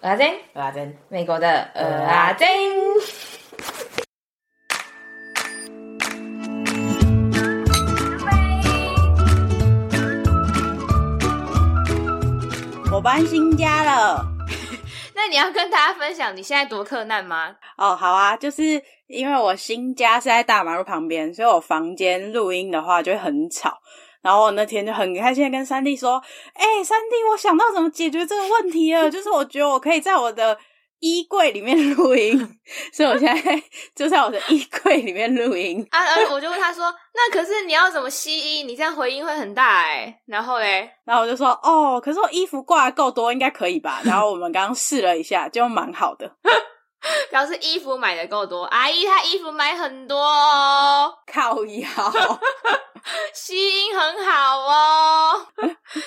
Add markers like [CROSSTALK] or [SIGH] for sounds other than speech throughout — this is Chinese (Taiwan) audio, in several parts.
阿珍，阿珍，美國的阿珍，准我搬新家了。 [LAUGHS] 那你要跟大家分享，你現在多克難嗎？哦，好啊，就是因為我新家是在大馬路旁邊，所以我房間錄音的話就會很吵。然後我那天就很開心地跟3蒂說：“哎、欸，3蒂，我想到怎麼解決這個問題了。 [LAUGHS] 就是我覺得我可以在我的衣櫃裡面錄音， [LAUGHS] 所以我現在就在我的衣櫃裡面錄音。啊”啊、嗯、啊！我就問他說：“那可是你要怎麼吸音？你這樣回音會很大哎、欸。”然後嘞，然後我就說：“哦，可是我衣服掛得夠多，應該可以吧？”然後我們剛剛試了一下，就蠻好的。 [LAUGHS] 表示衣服買得夠多，阿姨她衣服買很多哦，靠腰，吸音 [LAUGHS] 很好哦。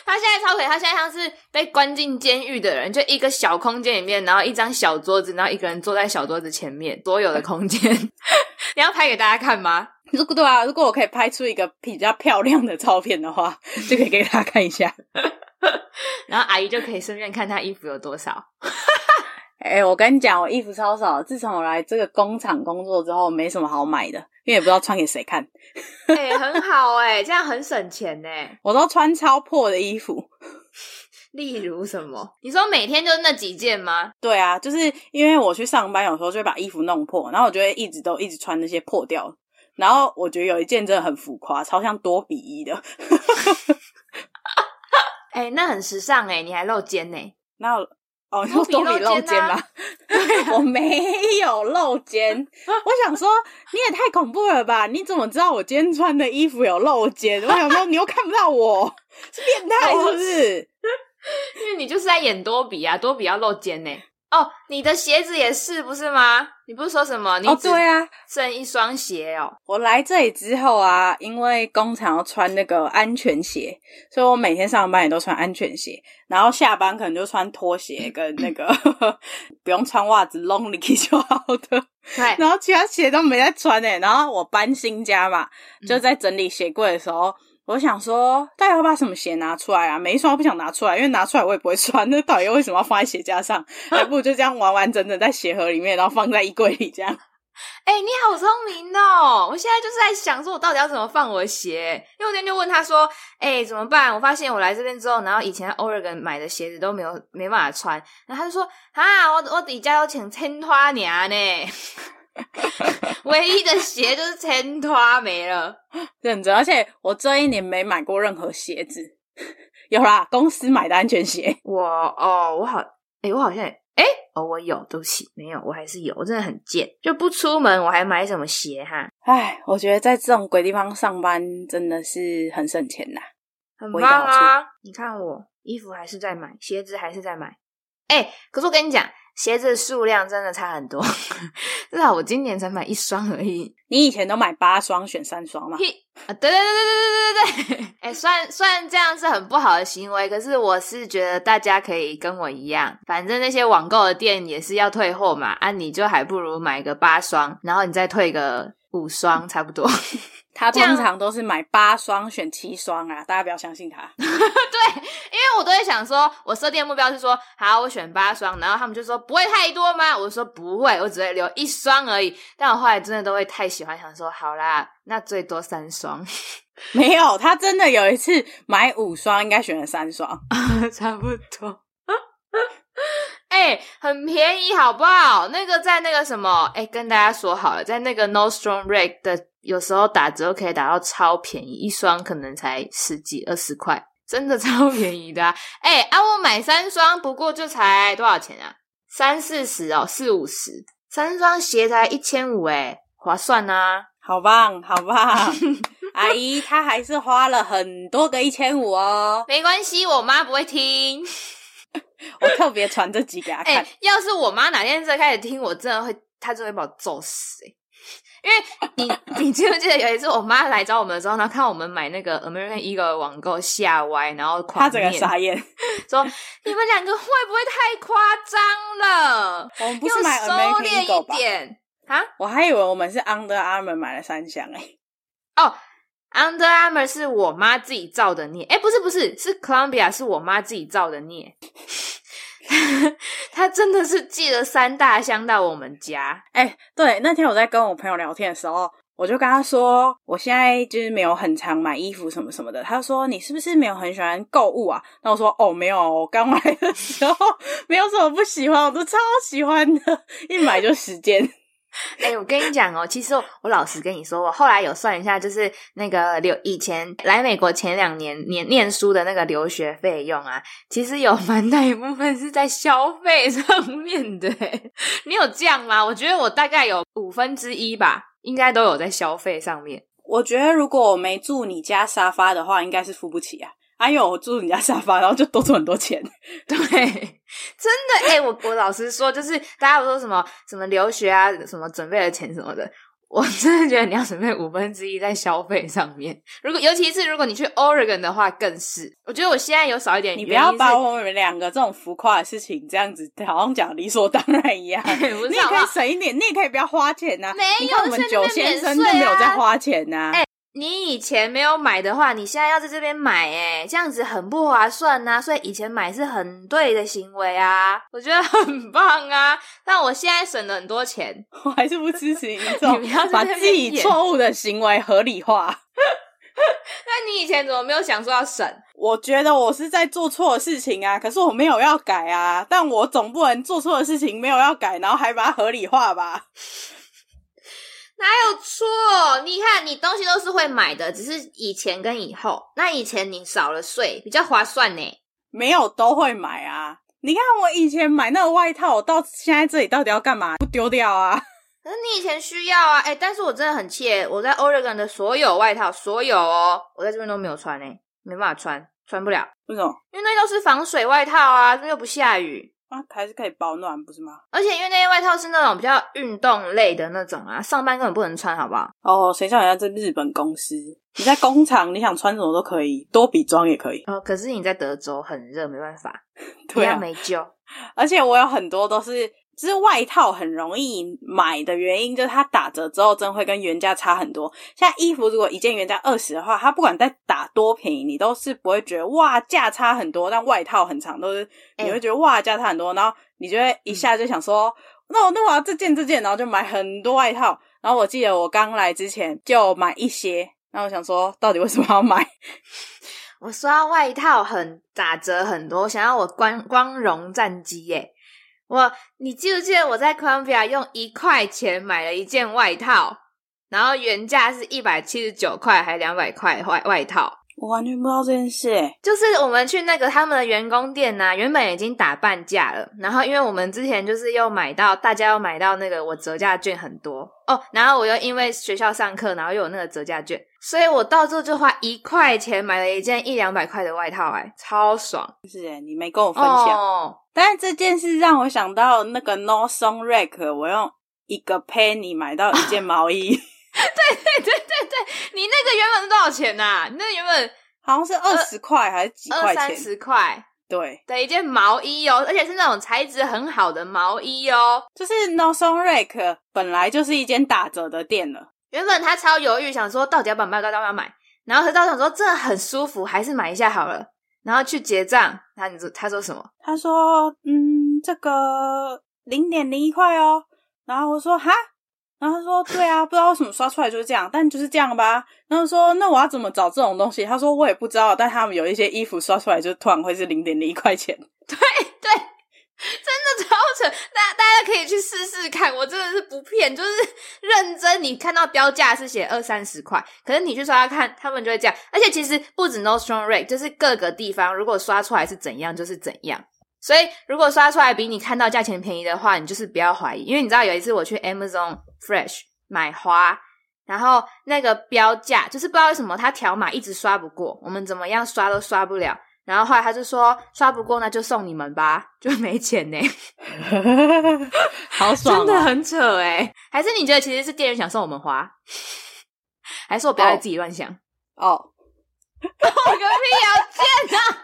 她 [LAUGHS] 現在超可以，她現在像是被關進監獄的人，就一個小空間裡面，然後一張小桌子，然後一個人坐在小桌子前面，多有的空間。 [LAUGHS] 你要拍給大家看嗎？如果對啊，如果我可以拍出一個比較漂亮的照片的話， [LAUGHS] 就可以給大家看一下。 [LAUGHS] 然後阿姨就可以順便看她衣服有多少。 [LAUGHS] 哎、欸，我跟你講，我衣服超少。自從我來這個工廠工作之後，沒什麼好買的，因為也不知道穿給誰看。哎、 [LAUGHS] 欸，很好哎、欸，這樣很省錢呢、欸。我都穿超破的衣服，例如什麼？你說每天就那幾件嗎？對啊，就是因為我去上班，有時候就會把衣服弄破，然後我就會一直都一直穿那些破掉。然後我覺得有一件真的很浮誇，超像多比一的。哎、 [LAUGHS] 欸，那很時尚哎、欸，你還露肩呢、欸？那。哦，多比露肩吧？肩，對啊、我沒有露肩。 [LAUGHS] 我想說，你也太恐怖了吧？你怎麼知道我今天穿的衣服有露肩？我想說，你又看不到我，是變態是不是？ [LAUGHS] 因為你就是在演多比啊，多比要露肩呢、欸。哦，你的鞋子也是不是嗎？你不是說什麼？你喔、哦，對啊，剩一雙鞋哦。我來這裡之後啊，因為工廠要穿那個安全鞋，所以我每天上班也都穿安全鞋，然後下班可能就穿拖鞋跟那個、嗯、 [LAUGHS] 不用穿襪子，lonely 就好的。然後其他鞋都沒在穿誒、欸。然後我搬新家嘛，就在整理鞋櫃的時候。嗯我想說，大家會把什麼鞋拿出來啊？每一雙不想拿出來，因為拿出來我也不會穿。那到底為什麼要放在鞋架上，啊？還不如就這樣完完整整在鞋盒裡面，然後放在衣櫃裡這樣。哎，欸，你好聰明哦！我現在就是在想說，我到底要怎麼放我的鞋？因為我那天就問他說：“哎，欸，怎麼辦？”我發現我來這邊之後，然後以前在 Oregon 買的鞋子都沒有，沒辦法穿。然後他就說：“啊，我我底下要請千花娘呢。” [LAUGHS] 唯一的鞋就是錢拖沒了，認 [LAUGHS] 真。而且我這一年沒買過任何鞋子， [LAUGHS] 有啦，公司買的安全鞋。我哦，我好，哎、欸，我好像，哎、欸，哦，我有，對不起，沒有，我還是有。我真的很賤，就不出門，我還買什麼鞋哈？哎，我覺得在這種鬼地方上班真的是很省錢的、啊，很棒啊！你看我衣服還是在買，鞋子還是在買。哎、欸，可是我跟你講。鞋子數量真的差很多， [LAUGHS] 至少我今年才買一雙而已。你以前都買八雙選三雙嗎？ [LAUGHS] 啊，對對對對對對對對！哎、欸，雖然雖然這樣是很不好的行為，可是我是覺得大家可以跟我一樣，反正那些網購的店也是要退貨嘛。啊，你就還不如買個八雙，然後你再退個五雙，差不多。 [LAUGHS] 他通常都是買八雙選七雙啊，大家不要相信他。 [LAUGHS] 對，因為我都會想說，我設定的目標是說，好，我選八雙，然後他們就說不會太多嗎？我說不會，我只會留一雙而已。但我後來真的都會太喜歡，想說，好啦，那最多三雙。 [LAUGHS] 沒有，他真的有一次買五雙，應該選了三雙， [LAUGHS] 差不多。 [LAUGHS] 哎、欸，很便宜，好不好？那個在那個什麼，哎、欸，跟大家說好了，在那個 Nordstrom Rack 的，有時候打折可以打到超便宜，一雙可能才十幾、二十塊，真的超便宜的、啊。哎、欸，啊，我買三雙，不過就才多少錢啊？三四十哦，四五十，三雙鞋才一千五，哎，划算吶、啊，好棒，好棒！ [LAUGHS] 阿姨她還是花了很多個一千五哦，沒關係，我媽不會聽。特別傳這幾給哎、欸，要是我媽哪天再開始聽，我真的會，她真的會把我揍死、欸。因為你，你記不記得有一次我媽來找我們的時候，她看我們買那個 American Eagle 的網購下歪，然後狂，他整個傻眼，說，你們兩個會不會太誇張了？我們不是買 a m 一點啊，我還以為我們是 Under Armour 買了三箱哎、欸。哦、oh,，Under Armour 是我媽自己造的孽。哎、欸，不是不是，是 Columbia 是我媽自己造的孽。 [LAUGHS] 他真的是寄了三大箱到我們家。哎、欸，對，那天我在跟我朋友聊天的時候，我就跟他說，我現在就是沒有很常買衣服什麼什麼的。他說，你是不是沒有很喜歡購物啊？那我說，哦，沒有，我剛來的時候沒有什麼不喜歡，我都超喜歡的，一買就十件。 [LAUGHS] 哎、欸，我跟你講哦，其實我，我老實跟你說，我後來有算一下，就是那個留以前來美國前兩年年念書的那個留學費用啊，其實有蠻大一部分是在消費上面的。你有這樣嗎？我覺得我大概有五分之一吧，應該都有在消費上面。我覺得如果我沒住你家沙發的話，應該是付不起啊。還、哎、有住人家沙發，然後就多出很多錢。對，真的哎、欸，我我老實說， [LAUGHS] 就是大家有說什麼什麼留學啊，什麼準備了錢什麼的，我真的覺得你要準備五分之一在消費上面。如果尤其是如果你去 Oregon 的話，更是。我覺得我現在有少一點，你不要把我們兩個這種浮誇的事情這樣子，好像講理所當然一樣。 [LAUGHS] 你也可以省一點， [LAUGHS] 你也可以不要花錢吶、啊。你看我們九先生都沒有在花錢吶、啊。欸你以前沒有買的話，你現在要在這邊買、欸，哎，這樣子很不划算啊。所以以前買是很對的行為啊，我覺得很棒啊。但我現在省了很多錢，我還是不支持你， [LAUGHS] 你要這種把自己錯誤的行為合理化。 [LAUGHS] [LAUGHS] 那你以前怎麼沒有想說要省？我覺得我是在做錯的事情啊，可是我沒有要改啊，但我總不能做錯的事情沒有要改，然後還把它合理化吧。 [LAUGHS] 哪有錯？你看，你東西都是會買的，只是以前跟以後。那以前你少了稅，比較划算呢。沒有都會買啊。你看我以前買那個外套，我到現在這裡到底要幹嘛？不丟掉啊？可是你以前需要啊。哎、欸，但是我真的很氣。我在 Oregon 的所有外套，所有，哦，我在這邊都沒有穿呢，沒辦法穿，穿不了。為什麼？因為那都是防水外套啊，這邊又不下雨。啊，還是可以保暖，不是嗎？而且因為那些外套是那種比較運動類的那種啊，上班根本不能穿，好不好？哦，誰叫你在日本公司？你在工廠，你想穿什麼都可以， [LAUGHS] 多比裝也可以。哦，可是你在德州很熱，沒辦法，不、 [LAUGHS] 啊、要沒救。而且我有很多都是。其實是外套很容易買的原因，就是它打折之後真會跟原價差很多。像衣服如果一件原價二十的話，它不管再打多便宜，你都是不會覺得哇價差很多。但外套很長，都、就是你會覺得哇價差很多、欸，然後你就會一下就想說，嗯、那我那我要這件這件，然後就買很多外套。然後我記得我剛來之前就買一些，那我想說到底為什麼要買？我說外套很打折很多，想要我光光榮戰績耶。我，你記不記得我在 Columbia 用一塊錢買了一件外套，然後原價是一百七十九塊還兩百塊外外套？我完全不知道這件事、欸，就是我們去那個他們的員工店吶、啊，原本已經打半價了，然後因為我們之前就是又買到，大家又買到那個我折價券很多哦，oh, 然後我又因為學校上課，然後又有那個折價券，所以我到最後就花一塊錢買了一件一兩百塊的外套、欸，哎，超爽！是哎、欸，你沒跟我分享，哦、但是這件事讓我想到那個 Nordstrom Rack，我用一個 Penny 買到一件毛衣。啊 [LAUGHS] 對對對對對，你那個原本是多少錢吶、啊？你那個原本好像是二十塊還是幾塊錢二？二三十塊，對，的一件毛衣哦，而且是那種材質很好的毛衣哦。就是 Nordstrom Rack 本來就是一間打折的店了，原本他超猶豫，想說到底要不要買，到底要不要買。然後他到想說，真的很舒服，還是買一下好了。然後去結賬，他你說他說什麼？他說嗯，這個零點零一塊哦。然後我說哈。然後他說：“對啊，不知道為什麼刷出來就是這樣，但就是這樣吧。”然後說：“那我要怎麼找這種東西？”他說：“我也不知道。”但他們有一些衣服刷出來就突然會是零點零一塊錢。對對，真的超扯！大家大家可以去試試看，我真的是不騙，就是認真。你看到標價是寫二三十塊，可是你去刷刷看，他們就會這樣。而且其實不止 Nordstrom Rack，就是各個地方，如果刷出來是怎樣，就是怎樣。所以，如果刷出來比你看到價錢便宜的話，你就是不要懷疑，因為你知道有一次我去 Amazon Fresh 買花，然後那個標價就是不知道為什麼它條碼一直刷不過，我們怎麼樣刷都刷不了，然後後來他就說刷不過那就送你們吧，就沒錢呢、欸， [LAUGHS] 好爽、啊，真的很扯哎、欸，還是你覺得其實是店員想送我們花，還是我不要自己亂想、哎、哦，我 [LAUGHS] 個屁啊，賤的。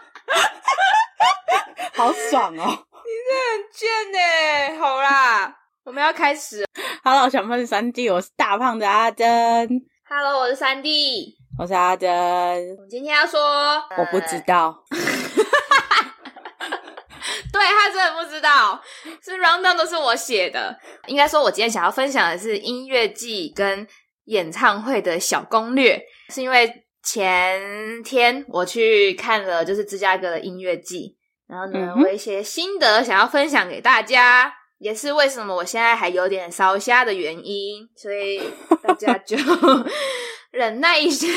[LAUGHS] 好爽哦、喔！你真的很賤呢、欸。好啦，我們要開始。Hello，小胖的3蒂，我是大胖的 ㄚ 蓁。Hello，我是3蒂，我是 ㄚ 蓁。我今天要說，我不知道。哈哈哈！哈 [LAUGHS] [LAUGHS] 對，他真的不知道，是 round down 都是我寫的。應該說，我今天想要分享的是音樂季跟演唱會的小攻略，是因為。前天我去看了就是芝加哥的音樂季，然後呢、嗯，我一些心得想要分享給大家，也是為什麼我現在還有點燒聲的原因，所以大家就 [LAUGHS] 忍耐一下， [LAUGHS]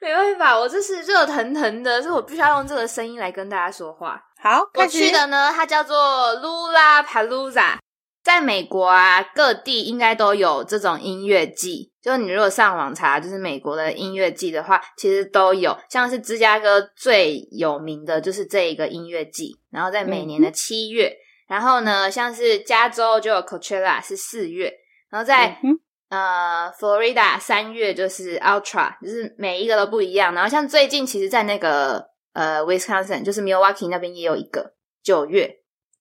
沒辦法，我這是熱騰騰的，所以我必須要用這個聲音來跟大家說話。好，我去的呢，它叫做 Lollapalooza 在美國啊，各地應該都有這種音樂季。就是你如果上網查，就是美國的音樂季的話，其實都有。像是芝加哥最有名的就是這一個音樂季，然後在每年的七月、嗯。然後呢，像是加州就有 Coachella 是四月，然後在、嗯、呃 Florida 三月就是 Ultra，就是每一個都不一樣。然後像最近其實，在那個呃 Wisconsin 就是 Milwaukee 那邊也有一個九月。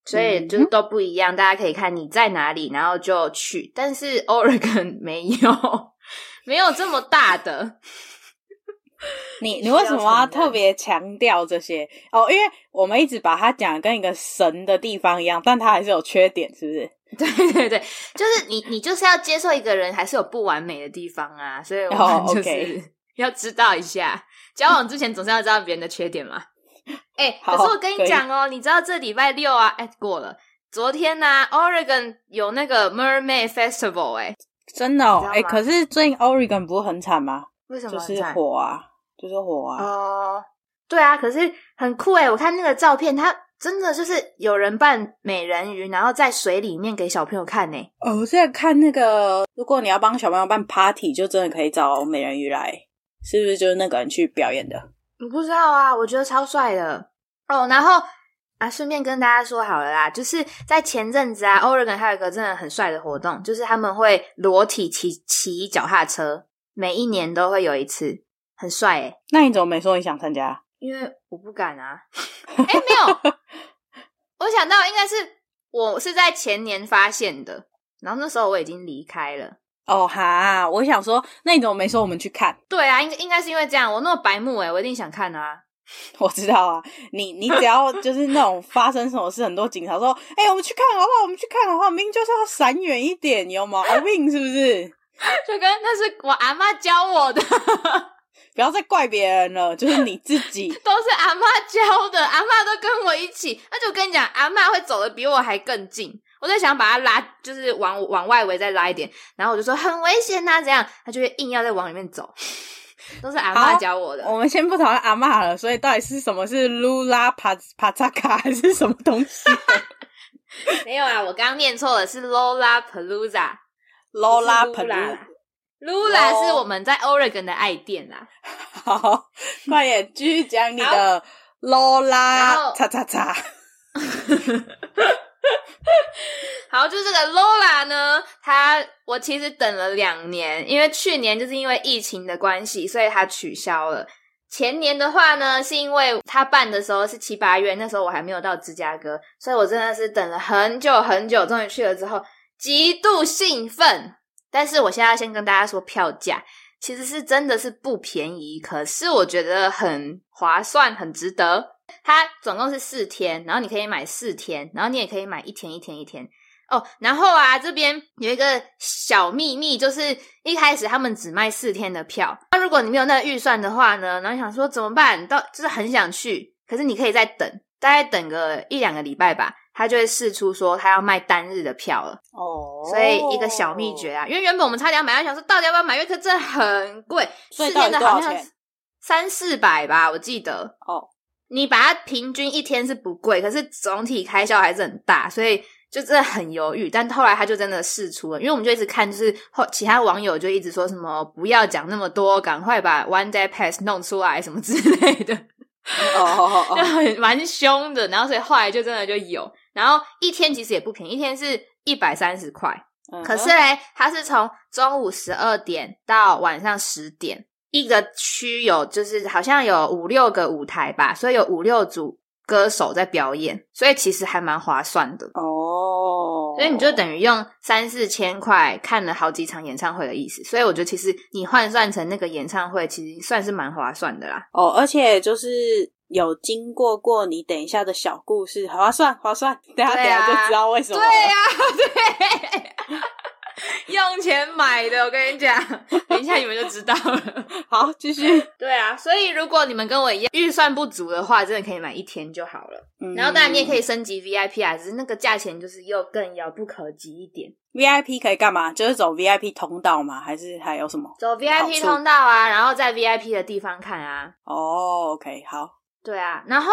所以就都不一樣，Mm-hmm. 大家可以看你在哪裡，然後就去。但是 Oregon 沒有，沒有這麼大的。 [LAUGHS] 你你為什麼要特別強調這些？哦，因為我們一直把它講跟一個神的地方一樣，但它還是有缺點，是不是？ [LAUGHS] 對對對，就是你你就是要接受一個人還是有不完美的地方啊，所以我們就是要知道一下，oh, okay. 交往之前總是要知道別人的缺點嘛。哎、欸，可是我跟你講哦、喔，你知道這禮拜六啊，at、欸、過了。昨天呢、啊、，Oregon 有那個 Mermaid Festival，哎、欸，真的哦，哎、欸，可是最近 Oregon 不是很慘嗎？為什麼？就是火啊，就是火啊。哦、uh,，對啊，可是很酷哎、欸，我看那個照片，它真的就是有人扮美人魚，然後在水裡面給小朋友看呢、欸。哦，我在看那個，如果你要幫小朋友辦 party，就真的可以找美人魚來，是不是就是那個人去表演的？我不知道啊，我覺得超帥的哦。然後啊，順便跟大家說好了啦，就是在前陣子啊，Oregon 還有一個真的很帥的活動，就是他們會裸體騎騎腳踏車，每一年都會有一次，很帥哎、欸。那你怎麼沒說你想參加？因為我不敢啊。哎、 [LAUGHS] 欸，沒有， [LAUGHS] 我想到應該是我是在前年發現的，然後那時候我已經離開了。哦哈！我想說，那你怎麼沒說我們去看？對啊，應該應該是因為這樣，我那麼白目誒，我一定想看啊！我知道啊，你你只要就是那種發生什麼事， [LAUGHS] 很多警察說，哎、欸，我們去看好不好？我們去看的話，明明就是要閃遠一點，有毛病是不是？就跟那是我阿嬤教我的， [LAUGHS] 不要再怪別人了，就是你自己 [LAUGHS] 都是阿嬤教的，阿嬤都跟我一起。那就跟你講，阿嬤會走得比我還更近。我就想把它拉，就是往往外圍再拉一點，然後我就說很危險吶、啊，這樣他就會硬要再往裡面走。都是阿媽教我的。我們先不討論阿媽了，所以到底是什麼是 Lula Pachaca 還是什麼東西，啊？ [LAUGHS] 沒有啊，我剛念錯了，是 Lola Palooza，Lola Palooza，Lola 是，是我們在 Oregon 的愛店啊。好，快點繼續講你的 Lola 擦擦擦 [LAUGHS] 好，就這個 Lolla 呢，他我其實等了兩年，因為去年就是因為疫情的關係，所以他取消了。前年的話呢，是因為他辦的時候是七八月，那時候我還沒有到芝加哥，所以我真的是等了很久很久，終於去了之後，極度興奮。但是我現在要先跟大家說，票價其實是真的是不便宜，可是我覺得很划算，很值得。它總共是四天，然後你可以買四天，然後你也可以買一天一天一天哦。然後啊，這邊有一個小祕密，就是一開始他們只賣四天的票。那如果你沒有那個預算的話呢，然後想說怎麼辦？到就是很想去，可是你可以再等，大概等個一兩個禮拜吧，他就會釋出說他要賣單日的票了哦。Oh. 所以一個小祕訣啊，因為原本我們差點買，我想說到底要不要買月票，這真的很貴，四天的好像是三四百吧，我記得哦。Oh. 你把它平均一天是不貴，可是總體開銷還是很大，所以就真的很猶豫。但後來他就真的釋出了，因為我們就一直看，就是其他網友就一直說什麼不要講那麼多，趕快把 one day pass 弄出來什麼之類的，哦哦哦，就很，蠻兇的。然後所以後來就真的就有，然後一天其實也不便宜，一天是一百三十塊。Oh. 可是嘞，它是從中午十二點到晚上十點。一個區有就是好像有五六個舞台吧，所以有五六組歌手在表演，所以其實還蠻划算的哦。Oh. 所以你就等於用三四千塊看了好幾場演唱會的意思，所以我覺得其實你換算成那個演唱會，其實算是蠻划算的啦。哦、oh，而且就是有經過過你等一下的小故事，划算划算，等一下、啊、等一下就知道為什麼。對呀、啊，對。 [LAUGHS] [LAUGHS] 用錢買的，我跟你講，等一下你們就知道了。 [LAUGHS] 好，繼續。對啊，所以如果你們跟我一樣預算不足的話，真的可以買一天就好了。嗯、然後，當然你也可以升級 VIP 啊，只是那個價錢就是又更遙不可及一點。VIP 可以幹嘛？就是走 VIP 通道嗎？還是還有什麼？走 VIP 通道啊，然後在 VIP 的地方看啊。哦、oh，OK，好。對啊，然後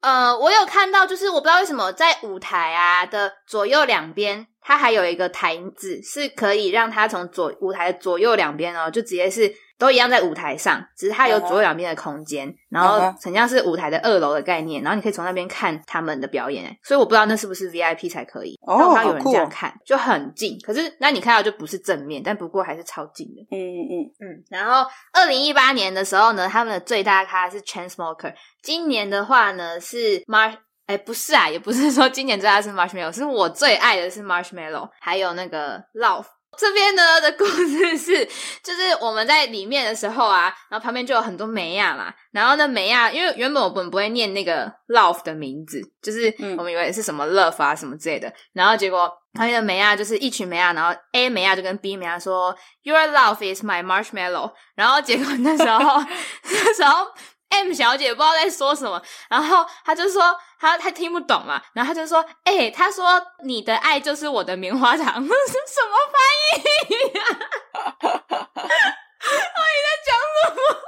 呃，我有看到，就是我不知道為什麼在舞台啊的左右兩邊。它還有一個台子，是可以讓它從左舞台左右兩邊哦，就直接是都一樣在舞台上，只是它有左右兩邊的空間，uh -huh. 然後好像是舞台的二樓的概念，uh -huh. 然後你可以從那邊看他們的表演，所以我不知道那是不是 VIP 才可以，然後看到有人這樣看，oh, 就很近。哦、可是那你看到就不是正面，但不過還是超近的。嗯嗯嗯嗯。然後二零一八年的時候呢，他們的最大咖是 Chainsmokers，今年的話呢是 Marsh。哎，不是啊，也不是說今年最愛的是 marshmallow，是我最愛的是 marshmallow，還有那個 love。這邊呢的故事是，就是我們在裡面的時候啊，然後旁邊就有很多妹啊嘛，然後呢妹啊，因為原本我們不會念那個 love 的名字，就是我們以為是什麼 love 啊什麼之類的，然後結果旁邊的妹啊就是一群妹啊，然後 A 妹啊就跟 B 妹啊說，Your love is my marshmallow，然後結果那時候，那時候。M 小姐不知道在說什麼，然後她就說她她聽不懂嘛，然後她就說：“誒、欸、她說你的愛就是我的棉花糖， [LAUGHS] 什麼翻譯、啊？哈，哈，哈，哈，你在講什麼？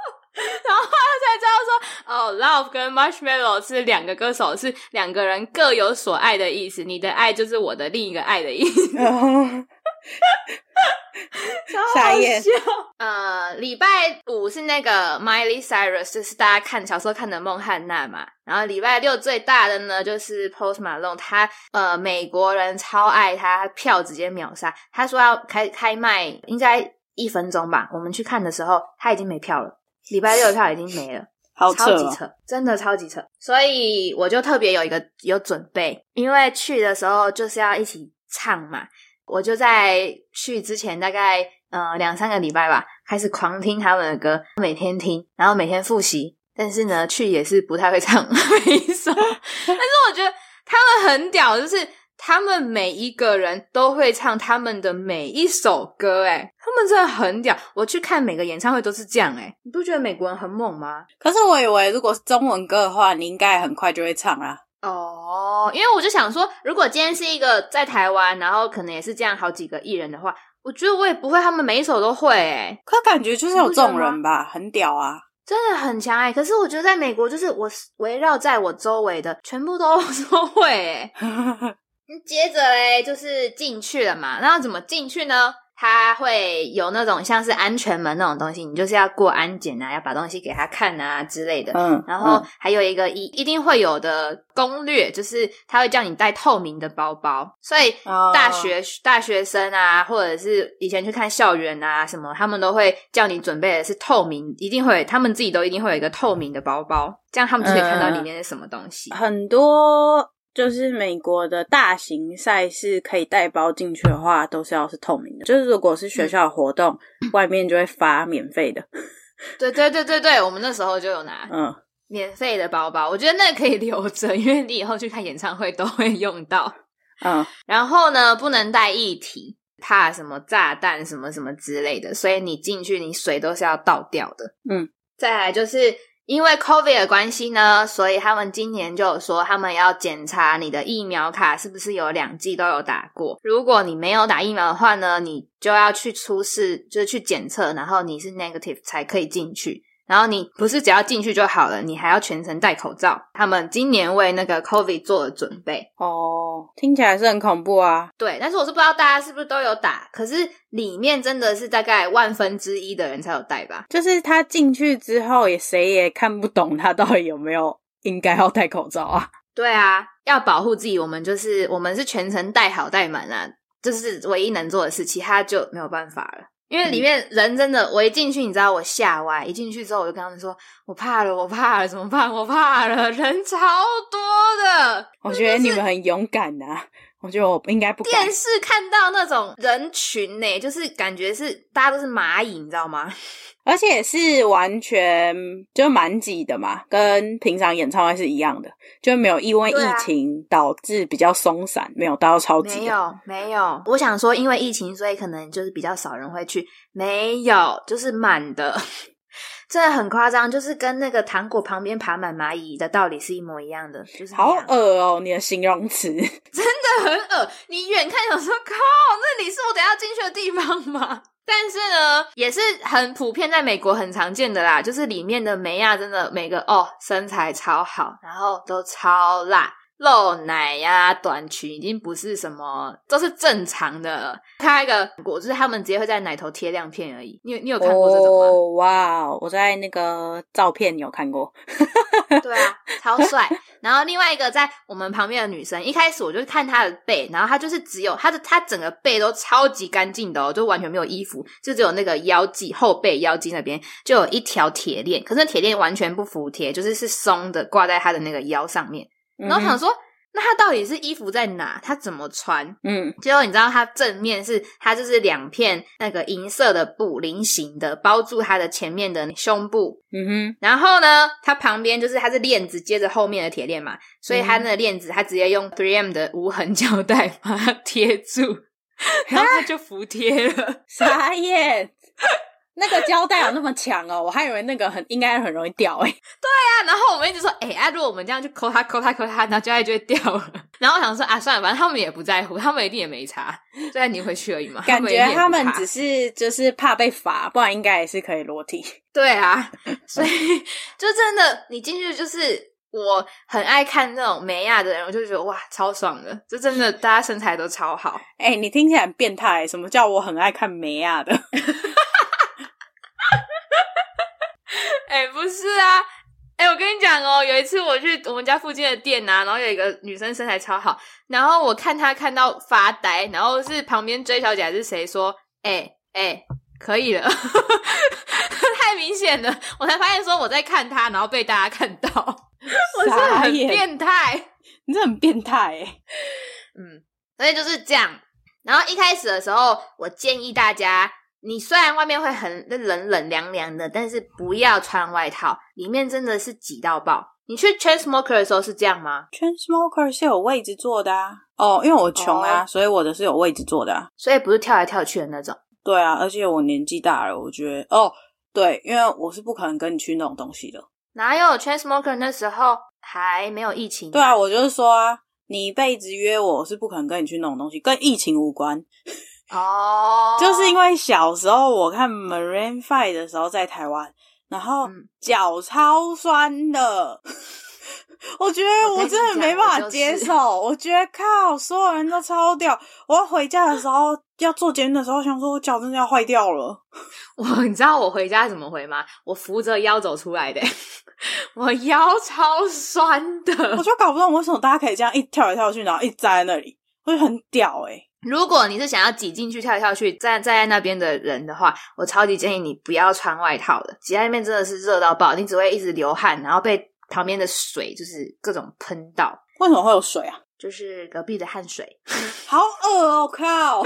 然後後來才知道說，哦、oh，Love 跟 Marshmallow 是兩個歌手，是兩個人各有所愛的意思，你的愛就是我的另一個愛的意思。 [LAUGHS] ” [LAUGHS] 哈哈，超好笑，傻眼！呃，禮拜五是那個 Miley Cyrus，就是大家看小時候看的孟漢娜嘛。然後禮拜六最大的呢，就是 Post Malone，他呃美國人超愛他，票直接秒殺。他說要開開賣，應該一分鐘吧。我們去看的時候，他已經沒票了。禮拜六的票 [LAUGHS] 已經沒了，好扯哦，超級扯，真的超級扯。所以我就特別有一個有準備，因為去的時候就是要一起唱嘛。我就在去之前大概呃兩三個禮拜吧，開始狂聽他們的歌，每天聽，然後每天複習。但是呢，去也是不太會唱每一首。 [LAUGHS] 但是我覺得他們很屌，就是他們每一個人都會唱他們的每一首歌，哎，他們真的很屌。我去看每個演唱會都是這樣，哎，你不覺得美國人很猛嗎？可是我以為如果是中文歌的話，你應該很快就會唱啦。哦、oh，因為我就想說，如果今天是一個在台灣，然後可能也是這樣，好幾個藝人的話，我覺得我也不會，他們每一首都會，欸，誒可感覺就是有這種人吧，是是很屌啊，真的很強誒，欸，可是我覺得在美國就在都都，欸， [LAUGHS] 就是我圍繞在我周圍的全部都說會，哎，你接着嘞？就是進去了嘛，那要怎麼進去呢？他會有那種像是安全門那種東西，你就是要過安檢啊，要把東西給他看啊之類的。嗯，嗯，然後還有一個一一定會有的攻略，就是他會叫你帶透明的包包。所以大學、哦、大學生啊，或者是以前去看校園啊什麼，他們都會叫你準備的是透明，一定會他們自己都一定會有一個透明的包包，這樣他們就可以看到裡面是什麼東西。嗯，很多。就是美國的大型賽事可以帶包進去的話，都是要是透明的。就是如果是學校的活動、嗯，外面就會發免費的。對對對對對，我們那時候就有拿。嗯，免費的包包，嗯，我覺得那個可以留着，因為你以後去看演唱會都會用到。嗯，然後呢，不能帶液體，怕什麼炸彈什麼什麼之類的，所以你進去你水都是要倒掉的。嗯，再來就是。因為 COVID 的關係呢，所以他們今年就有說他們要檢查你的疫苗卡是不是有兩劑都有打過。如果你沒有打疫苗的話呢，你就要去出示，就是去檢測，然後你是 negative 才可以進去。然後你不是只要進去就好了，你還要全程戴口罩。他們今年為那個 COVID 做了準備哦，聽起來是很恐怖啊。對，但是我是不知道大家是不是都有打，可是裡面真的是大概萬分之一的人才有戴吧。就是他進去之後，也誰也看不懂他到底有沒有應該要戴口罩啊。對啊，要保護自己，我們就是我們是全程戴好戴滿啊，就是唯一能做的事，其他就沒有辦法了。因為裡面人真的，我一進去，你知道我嚇歪。一進去之後，我就跟他們說：“我怕了，我怕了，怎麼辦？我怕了，人超多的。”我覺得你們很勇敢吶、啊。我覺得我應該不敢。電視看到那種人群呢、欸，就是感覺是大家都是螞蟻，你知道嗎？而且是完全就蠻擠的嘛，跟平常演唱會是一樣的，就沒有因為疫情導致比較鬆散，啊、沒有到超級。沒有，沒有。我想說，因為疫情，所以可能就是比較少人會去。沒有，就是滿的。真的很誇張，就是跟那個糖果旁邊爬滿螞蟻的道理是一模一樣的，就是好噁哦、喔！你的形容詞真的很噁，你遠看有時候靠，那裡是我等下進去的地方嗎？但是呢，也是很普遍，在美國很常見的啦，就是裡面的妹啊真的每個哦身材超好，然後都超辣。露奶呀，短裙已經不是什麼，都是正常的。他一個果就是他們直接會在奶頭貼亮片而已。你有你有看過這種嗎？哇、oh, wow，我在那個照片你有看過。 [LAUGHS] 對啊，超帥。然後另外一個在我們旁邊的女生， [LAUGHS] 一開始我就看她的背，然後她就是只有她的她整個背都超級乾淨的哦，就完全沒有衣服，就只有那個腰際後背腰際那邊就有一條鐵鏈，可是那鐵鏈完全不服帖，就是是鬆的掛在她的那個腰上面。然後想說、嗯，那他到底是衣服在哪？他怎麼穿？嗯，結果你知道他正面是，他就是兩片那個銀色的布，菱形的包住他的前面的胸部。嗯哼，然後呢，他旁邊就是他是鏈子，接着後面的鐵鏈嘛，所以他那個鏈子他直接用 three M 的無痕膠帶把它貼住，啊、然後他就服帖了，傻眼。 [LAUGHS] [LAUGHS] 那個膠帶有那麼強哦、喔，我還以為那個很應該很容易掉哎、欸。對啊，然後我們一直說，哎、欸，啊，如果我們這樣去摳它、摳它、摳它，然後膠帶就會掉了。然後我想說，啊，算了，反正他們也不在乎，他們一定也沒差，對啊，你回去而已嘛不。感覺他們只是就是怕被罰，不然應該也是可以裸體。對啊，所以就真的，你進去就是我很愛看那種妹啊的人，我就覺得哇，超爽的，就真的大家身材都超好。哎、欸，你聽起來很變態、欸，什麼叫我很愛看妹啊的？ [LAUGHS] 哎、欸，不是啊！哎、欸，我跟你講哦，有一次我去我們家附近的店吶、啊，然後有一個女生身材超好，然後我看她看到發呆，然後是旁邊追小姐還是誰說，哎、欸、哎、欸，可以了， [LAUGHS] 太明顯了，我才發現說我在看她，然後被大家看到， [LAUGHS] 我是很變態，你是很變態，哎，嗯，所以就是這樣。然後一開始的時候，我建議大家。你雖然外面會很冷冷涼涼的，但是不要穿外套，裡面真的是擠到爆。你去 Chainsmokers 的時候是這樣嗎？Chainsmokers 是有位置坐的啊。哦，因為我窮啊，oh. 所以我的是有位置坐的啊。所以不是跳來跳去的那種。對啊，而且我年紀大了，我覺得哦，對，因為我是不可能跟你去那種東西的。哪有 Chainsmokers 那時候還沒有疫情啊？對啊，我就是說啊，你一輩子約我是不可能跟你去那種東西，跟疫情無關。哦、oh，就是因為小時候我看 Maroon 5的時候在台灣，然後腳超酸的， [LAUGHS] 我覺得我真的沒辦法接受。我覺得靠，所有人都超屌。我要回家的時候，要做節目的時候，想說我腳真的要壞掉了。 [LAUGHS] 我你知道我回家怎麼回嗎？我扶着腰走出來的、欸， [LAUGHS] 我腰超酸的。我就搞不懂為什麼大家可以這樣一跳來跳去，然後一站在那裡，我覺得很屌哎、欸。如果你是想要擠進去跳一跳去站在那邊的人的話，我超級建議你不要穿外套的，擠在那邊真的是熱到爆，你只會一直流汗，然後被旁邊的水就是各種噴到。為什麼會有水啊？就是隔壁的汗水。好噁哦、喔，靠！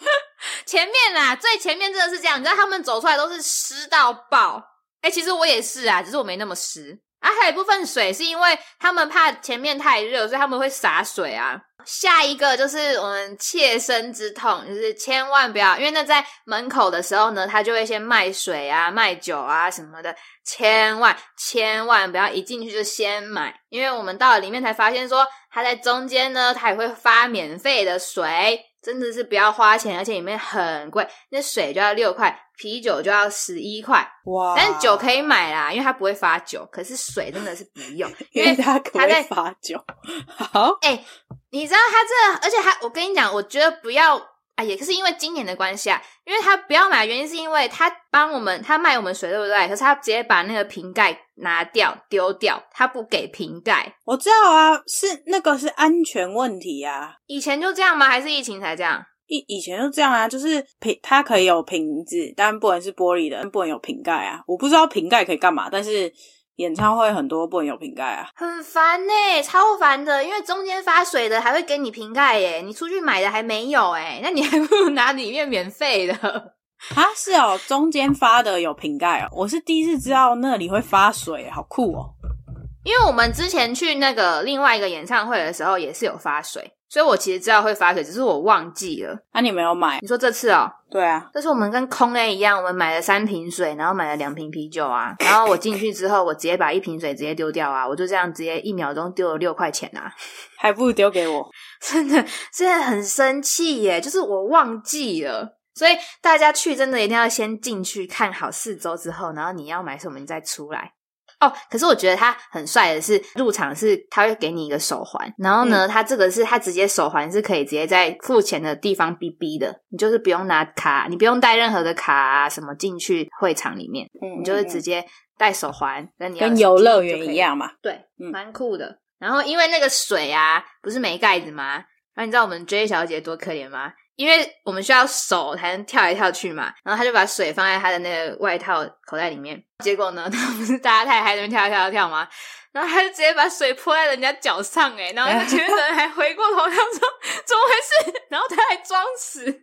[LAUGHS] 前面啊，最前面真的是這樣，你知道他們走出來都是濕到爆。哎、欸，其實我也是啊，只是我沒那麼濕。啊，還有一部分水是因為他們怕前面太熱，所以他們會灑水啊。下一個就是我們切身之痛，就是千萬不要，因為那在門口的時候呢，他就會先賣水啊、賣酒啊什麼的，千萬千萬不要一進去就先買，因為我們到了裡面才發現說他在中間呢，他也會發免費的水，真的是不要花錢，而且裡面很貴，那水就要六塊，啤酒就要十一塊，哇！但是酒可以買啦，因為他不會發酒，可是水真的是不用，因為他在，因為他可以發酒，好，哎、欸。你知道他這，而且他我跟你講，我覺得不要，啊，也是因為今年的關係啊，因為他不要買，原因是因為他幫我們，他賣我們水對不對？可是他直接把那個瓶蓋拿掉丟掉，他不給瓶蓋。我知道啊，是那個是安全問題呀、啊。以前就這樣嗎？還是疫情才這樣？以以前就這樣啊，就是瓶它可以有瓶子，但不能是玻璃的，不能有瓶蓋啊。我不知道瓶蓋可以幹嘛，但是。演唱會很多不能有瓶蓋啊，很煩呢、欸，超煩的，因為中間發水的還會給你瓶蓋耶、欸，你出去買的還沒有哎、欸，那你還不如拿裡面免費的啊，是哦，中間發的有瓶蓋哦，我是第一次知道那裡會發水，好酷哦。因為我們之前去那個另外一個演唱會的時候也是有發水，所以我其實知道會發水，只是我忘記了。那、啊、你沒有買？你說這次哦、喔？對啊。這是我們跟空 A 一樣，我們買了三瓶水，然後買了兩瓶啤酒啊。然後我進去之後， [LAUGHS] 我直接把一瓶水直接丟掉啊，我就這樣直接一秒鐘丟了六塊錢啊，還不如丟給我，真的真的很生氣耶，就是我忘記了，所以大家去真的一定要先進去看好四周之後，然後你要買什麼你再出來。哦，可是我覺得他很帥的是入場是，他會給你一個手環，然後呢，嗯、他這個是他直接手環是可以直接在付錢的地方嗶嗶的，你就是不用拿卡，你不用帶任何的卡啊什麼進去會場裡面、嗯，你就是直接帶手環，嗯嗯、跟你要跟遊樂園一樣嘛，對、嗯，蠻酷的。然後因為那個水啊，不是沒蓋子嗎？那你知道我們 J 小姐多可憐嗎？因為我們需要手才能跳來跳去嘛，然後他就把水放在他的那個外套口袋裡面。結果呢，他不是大家太嗨在那邊跳跳跳嘛，然後他就直接把水潑在人家腳上、欸，誒然後有些人還回過頭他說 [LAUGHS] 怎麼回事，然後他還裝死。 [LAUGHS]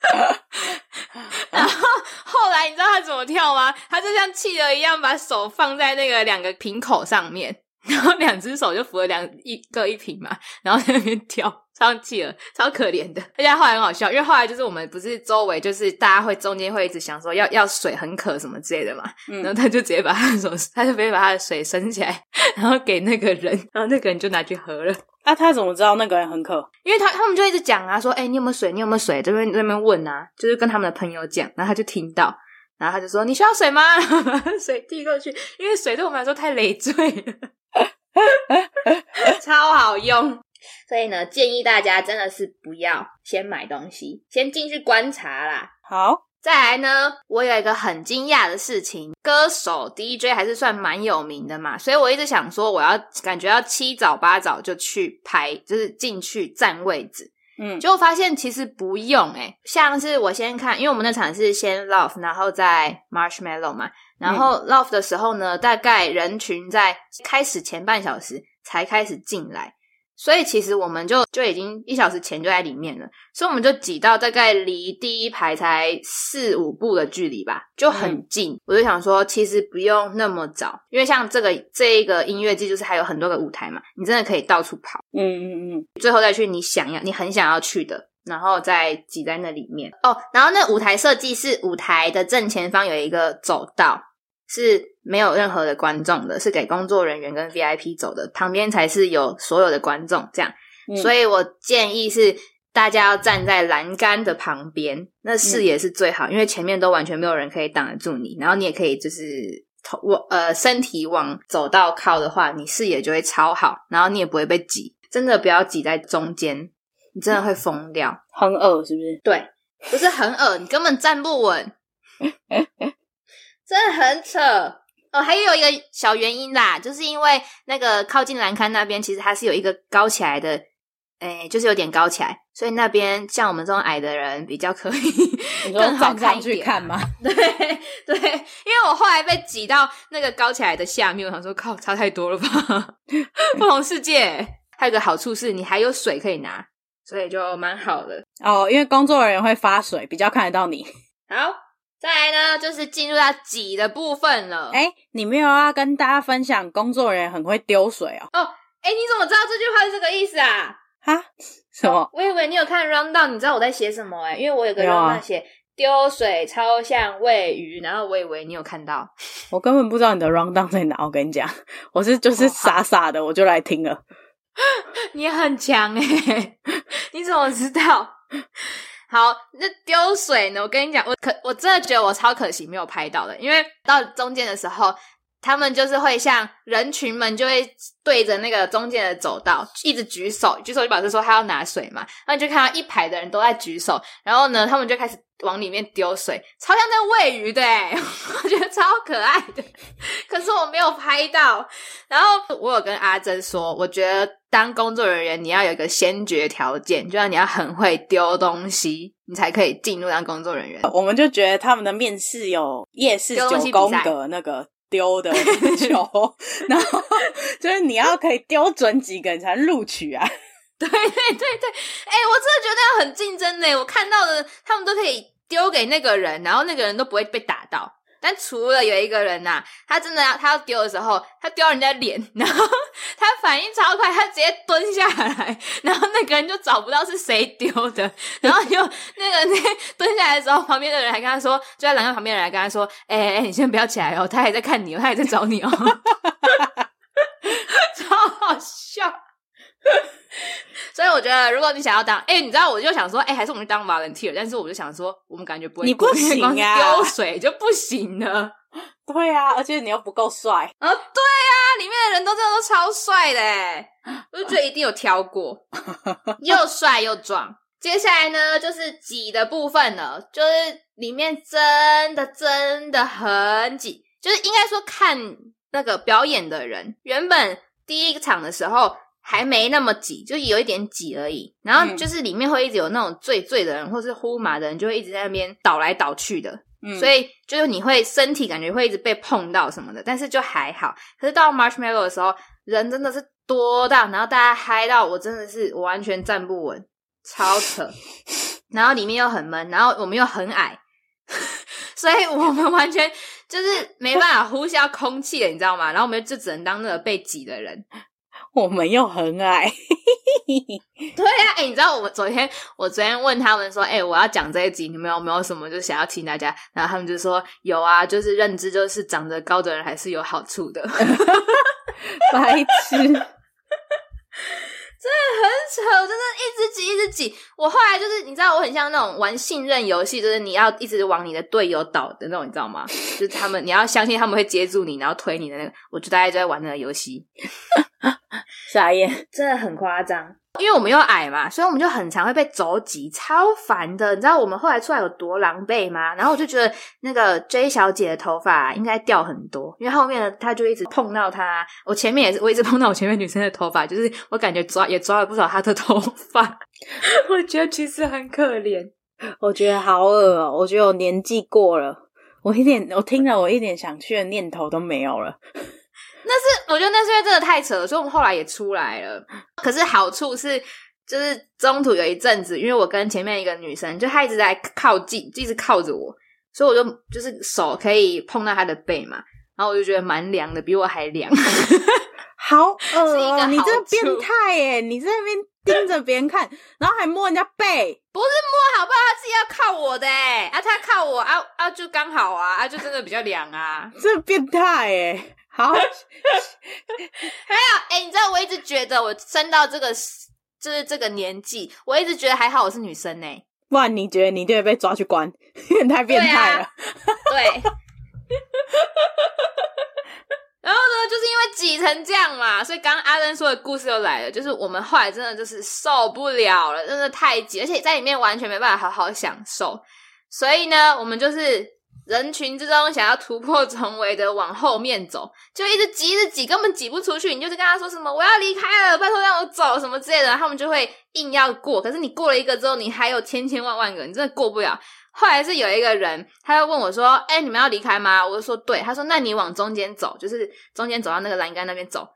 [LAUGHS] 然後後來你知道他怎麼跳嗎？他就像企鵝一樣，把手放在那個兩個瓶口上面，然後兩只手就扶了兩一各一瓶嘛，然後在那邊跳。超氣了，超可憐的。大家後來很好笑，因為後來就是我們不是周圍就是大家會中間會一直想說要要水很渴什麼之類的嘛，嗯、然後他就直接把那種他就直接把他的水升起來，然後給那個人，然後那個人就拿去喝了。那、啊、他怎麼知道那個人很渴？因為他他們就一直講啊，說哎、欸，你有沒有水？你有沒有水？這邊那邊問啊，就是跟他們的朋友講，然後他就聽到，然後他就說你需要水嗎？ [LAUGHS] 水遞過去，因為水對我們來說太累贅了， [LAUGHS] 超好用。所以呢，建議大家真的是不要先買東西，先進去觀察啦。好，再來呢，我有一個很驚訝的事情，歌手 DJ 還是算蠻有名的嘛，所以我一直想說，我要感覺要七早八早就去排，就是進去占位置。嗯，結果發現其實不用哎、欸，像是我先看，因為我們那場是先 Love，然後再 Marshmallow 嘛，然後 Love 的時候呢，嗯、大概人群在開始前半小時才開始進來。所以其實我們就就已經一小時前就在裡面了，所以我們就擠到大概離第一排才四五步的距離吧，就很近。嗯、我就想說，其實不用那麼早，因為像這個這一個音樂季就是還有很多個舞台嘛，你真的可以到處跑。嗯嗯嗯。最後再去你想要、你很想要去的，然後再擠在那裡面哦。然後那舞台設計是舞台的正前方有一個走道。是沒有任何的觀眾的，是給工作人員跟 VIP 走的，旁邊才是有所有的觀眾。這樣，嗯、所以我建議是大家要站在欄杆的旁邊，那視野是最好，嗯，因為前面都完全沒有人可以擋得住你。然後你也可以就是頭我呃身體往走道靠的話，你視野就會超好，然後你也不會被擠。真的不要擠在中間，你真的會瘋掉，很噁，是不是？對，不是很噁，你根本站不穩。 [LAUGHS] 真的很扯哦，還有一個小原因啦，就是因為那個靠近欄杆那邊，其實它是有一個高起來的，哎、欸，就是有點高起來，所以那邊像我們這種矮的人比較可以更好看一點，你都去看嗎？對對，因為我後來被擠到那個高起來的下面，我想說靠，差太多了吧，不同世界。還有一個好處是，你還有水可以拿，所以就蠻好的哦。因為工作人員會發水，比較看得到你。好。再來呢，就是進入到擠的部分了。哎、欸，你沒有要跟大家分享，工作人員很會丟水哦、喔。哦，哎、欸，你怎麼知道這句話是這個意思啊？哈？什麼？哦、我以為你有看 rundown，你知道我在寫什麼、欸？哎，因為我有個 rundown 寫丟、啊、水超像餵魚，然後我以為你有看到。我根本不知道你的 rundown 在哪，我跟你講， [LAUGHS] 我是就是傻傻的、哦啊，我就來聽了。你很強哎、欸， [LAUGHS] 你怎麼知道？好，那丟水呢？我跟你講，我可我真的覺得我超可惜沒有拍到的，因為到中間的時候。他們就是會像人群們，就會對着那個中間的走道一直舉手，舉手就表示說他要拿水嘛。然後你就看到一排的人都在舉手，然後呢，他們就開始往裡面丟水，超像在餵魚的，欸，我覺得超可愛的。可是我沒有拍到。然後我有跟 ㄚ 蓁說，我覺得當工作人員你要有一個先決條件，就讓你要很會丟東西，你才可以進入當工作人員。我們就覺得他們的面試有夜市九宮格那個，丟的那球， [LAUGHS] 然後就是你要可以丟準幾個人才能錄取啊！對 [LAUGHS] 對對對，哎、欸，我真的覺得很競爭欸。我看到的他們都可以丟給那個人，然後那個人都不會被打到。但除了有一個人吶、啊，他真的要他要丟的時候，他丟人家臉，然後他反應超快，他直接蹲下來，然後那個人就找不到是誰丟的，然後就那個那蹲下來的時候，旁邊的人還跟他說，就在欄杆旁邊的人還跟他說，哎、欸、哎、欸，你先不要起來哦，他還在看你哦，他還在找你哦，哈哈哈，超好笑。 [LAUGHS] 所以我覺得，如果你想要當，哎、欸，你知道，我就想說，哎、欸，還是我們去當 volunteer，但是我就想說，我們感覺不會過，你不行啊，丟水就不行了。對啊，而且你又不夠帥啊。對啊，裡面的人都真的都超帥的、欸，我就覺得一定有挑過， [LAUGHS] 又帥又壯。接下來呢，就是擠的部分了，就是裡面真的真的很擠，就是應該說看那個表演的人，原本第一場的時候。還沒那麼擠，就有一點擠而已。然後就是裡面會一直有那種醉醉的人，嗯、或是呼麻的人，就會一直在那邊倒來倒去的、嗯。所以就是你會身體感覺會一直被碰到什麼的，但是就還好。可是到 Marshmallow 的時候，人真的是多到，然後大家嗨到我真的是完全站不穩，超扯。 [LAUGHS] 然後裡面又很悶，然後我們又很矮， [LAUGHS] 所以我們完全就是沒辦法呼吸到空氣了 [LAUGHS] 你知道嗎？然後我們就只能當那個被擠的人。我們又很矮， [LAUGHS] 對呀、啊，哎、欸，你知道，我昨天我昨天問他們說，哎、欸，我要講這一集，你們有沒有什麼就想要聽大家？然後他們就說有啊，就是認知，就是長得高的人還是有好處的， [LAUGHS] [LAUGHS] 白痴， [LAUGHS] [LAUGHS] 真的很醜，真的，一直擠，一直擠。我後來就是你知道，我很像那種玩信任遊戲，就是你要一直往你的隊友倒的那種，你知道嗎？ [LAUGHS] 就是他們你要相信他們會接住你，然後推你的那個，我就大概就在玩那個遊戲。 [LAUGHS] 傻眼，真的很誇張，因為我們又矮嘛，所以我們就很常會被肘擊，超煩的。你知道我們後來出來有多狼狽嗎？然後我就覺得那個 J 小姐的頭髮應該掉很多，因為後面她就一直碰到她，我前面也是，我一直碰到我前面女生的頭髮，就是我感覺抓也抓了不少她的頭髮。 [LAUGHS] 我覺得其實很可憐，我覺得好噁喔，我覺得我年紀過了，我一點我聽了我一點想去的念頭都沒有了。那是我覺得那是因為真的太扯了，所以我們後來也出來了。可是好處是，就是中途有一陣子，因為我跟前面一個女生，就她一直在靠近，就一直靠着我，所以我就就是手可以碰到她的背嘛。然後我就覺得蠻涼的，比我還涼。 [LAUGHS] 好、呃啊，是一個你這個變態哎、欸！你在那邊盯着別人看、嗯，然後還摸人家背，不是摸好不好？他是要靠我的哎、欸，啊，他靠我啊啊，就剛好啊啊，就真的比較涼啊，這變態哎、欸！好， [LAUGHS] 還有，哎、欸，你知道我一直覺得我生到這個，就是這個年紀，我一直覺得還好我是女生呢、欸，不然你覺得你就會被抓去關，太變態了。對、啊，對 [LAUGHS] 然後呢，就是因為擠成這樣嘛，所以剛剛 ㄚ 蓁說的故事又來了，就是我們後來真的就是受不了了，真的太擠，而且在裡面完全沒辦法好好享受，所以呢，我們就是。人群之中，想要突破重圍的往後面走，就一直擠，一直擠，根本擠不出去。你就是跟他說什麼“我要離開了，拜託讓我走”什麼之類的，他們就會硬要過。可是你過了一個之後，你還有千千萬萬個，你真的過不了。後來是有一個人，他就問我說：“哎、欸，你們要離開嗎？”我就說：“對。”他說：“那你往中間走，就是中間走到那個欄杆那邊走。”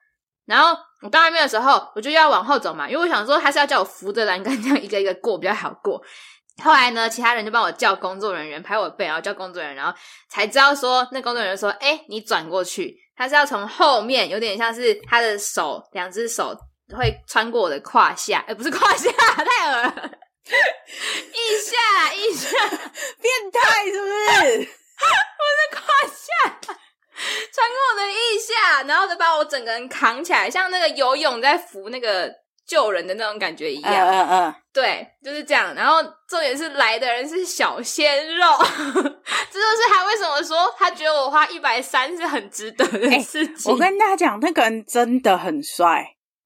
然後我到那邊的時候，我就要往後走嘛，因為我想說還是要叫我扶着欄杆，這樣一個一個過比較好過。後來呢？其他人就幫我叫工作人員拍我背，然後叫工作人員，然後才知道說，那工作人員說：“哎、欸，你轉過去，他是要從後面，有點像是他的手，兩隻手會穿過我的胯下，誒、欸、不是胯下，太噁了。 [LAUGHS] 腋下，腋下，變態是不是？哈， [LAUGHS] [LAUGHS] 我的胯下，穿過我的腋下，然後就把我整個人扛起來，像那個游泳在扶那個。”救人的那種感覺一樣，嗯、呃、嗯、呃呃，對，就是這樣。然後重點是來的人是小鮮肉，呵呵，這就是他為什麼說他覺得我花一百三是很值得的事情、欸。我跟大家講，那個人真的很帥，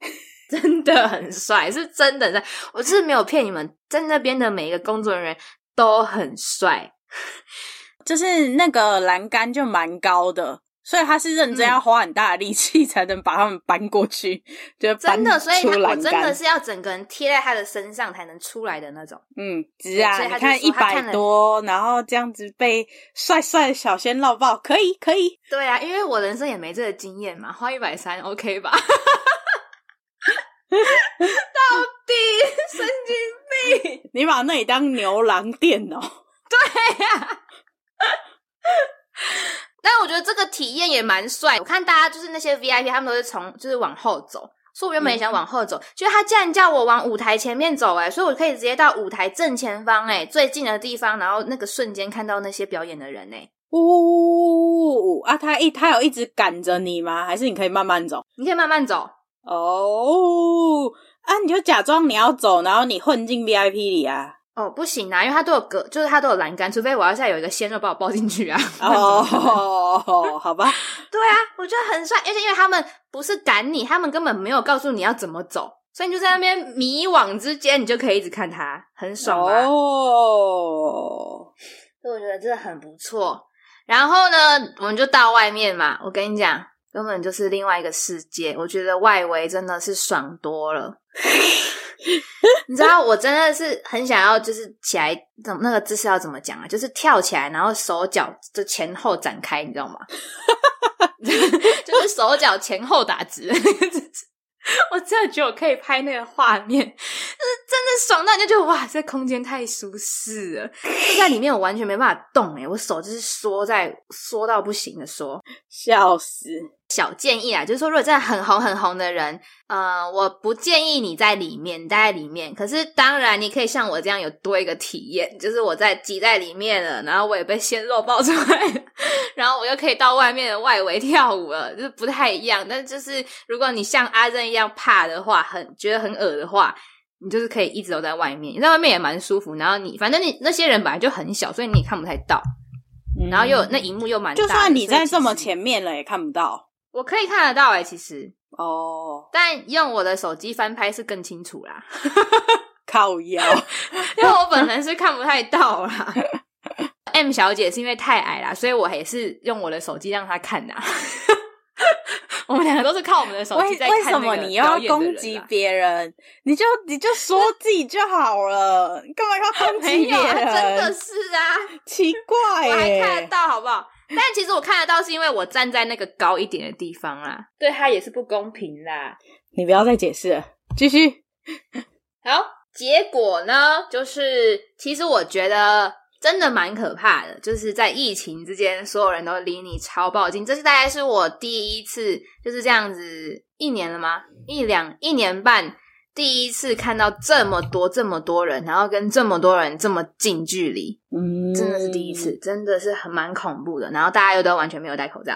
[LAUGHS] 真的很帥，是真的很帥，我是沒有騙你們，在那邊的每一個工作人員都很帥， [LAUGHS] 就是那個欄杆就蠻高的。所以他是認真要花很大的力氣、嗯、才能把他們搬過去，對，真的，所以我真的是要整個人貼在他的身上才能出來的那種。嗯，值啊，所以他他！你看一百多，然後這樣子被帥帥小鮮肉抱，可以，可以。對啊，因為我人生也沒這個經驗嘛，花一百三，OK 吧？ [LAUGHS] 到底神經病！你把那裡當牛郎店哦？對呀、啊。 [LAUGHS] 但我覺得這個體驗也蠻帥。我看大家就是那些 VIP，他們都是從就是往後走。所以我原本也想往後走，就、嗯、結果他竟然叫我往舞台前面走、欸，哎，所以我可以直接到舞台正前方、欸，哎，最近的地方，然後那個瞬間看到那些表演的人、欸，哎。哦，啊，他一他有一直趕着你嗎？還是你可以慢慢走？你可以慢慢走。哦、oh,，啊，你就假裝你要走，然後你混進 VIP 裡啊。哦，不行啊，因為它都有隔，就是它都有欄杆，除非我要再有一個鮮肉把我抱進去啊！哦、喔， [LAUGHS] 好吧。對啊，我覺得很帥，而且因為他們不是趕你，他們根本沒有告訴你要怎麼走，所以你就在那邊迷惘之間，你就可以一直看他，很爽。哦、喔，所以我覺得真的很不錯。然後呢，我們就到外面嘛，我跟你講，根本就是另外一個世界，我覺得外圍真的是爽多了。 [LAUGHS] 你知道我真的是很想要，就是起來，那那個姿勢要怎麼講啊？就是跳起來，然後手腳就前後展開，你知道嗎？ [LAUGHS] [LAUGHS] 就是手腳前後打直。 [LAUGHS] 我真的覺得我可以拍那個畫面，就是真的爽到你就覺得哇，這個、空間太舒適了。 [LAUGHS] 就在裡面，我完全沒辦法動哎、欸，我手就是縮在縮到不行的縮，笑死。小建議啊，就是說，如果真的很紅很紅的人，呃，我不建議你在裡面待在,在裡面。可是，當然你可以像我這樣有多一個體驗，就是我在擠在裡面了，然後我也被鮮肉抱出來了， [LAUGHS] 然後我又可以到外面的外圍跳舞了，就是不太一樣。但就是，如果你像阿蓁一樣怕的話，很覺得很惡的話，你就是可以一直都在外面。你在外面也蠻舒服，然後你反正你那些人本來就很小，所以你也看不太到。嗯、然後又那熒幕又蠻大，就算你在這麼前面了也看不到。我可以看得到哎、欸，其實哦，oh. 但用我的手機翻拍是更清楚啦。 [LAUGHS] 靠腰， [LAUGHS] 因為我本身是看不太到啦。 [LAUGHS] M 小姐是因為太矮啦，所以我也是用我的手機讓她看的、啊。 [LAUGHS] 我們兩個都是靠我們的手機在看。為什麼你要攻擊別人？你就你就說自己就好了，你幹嘛要攻擊別人、 [LAUGHS] 啊、真的是啊，奇怪、欸，我還看得到，好不好？ [LAUGHS] 但其實我看得到，是因為我站在那個高一點的地方啦， [LAUGHS] 對他也是不公平啦。你不要再解釋了，繼續。 [LAUGHS] 好，結果呢，就是其實我覺得真的蠻可怕的，就是在疫情之間，所有人都離你超爆近。這是大概是我第一次就是這樣子，一年了嗎？一兩一年半。第一次看到這麼多這麼多人，然後跟這麼多人這麼近距離，真的是第一次，真的是很蠻恐怖的。然後大家又都完全沒有戴口罩，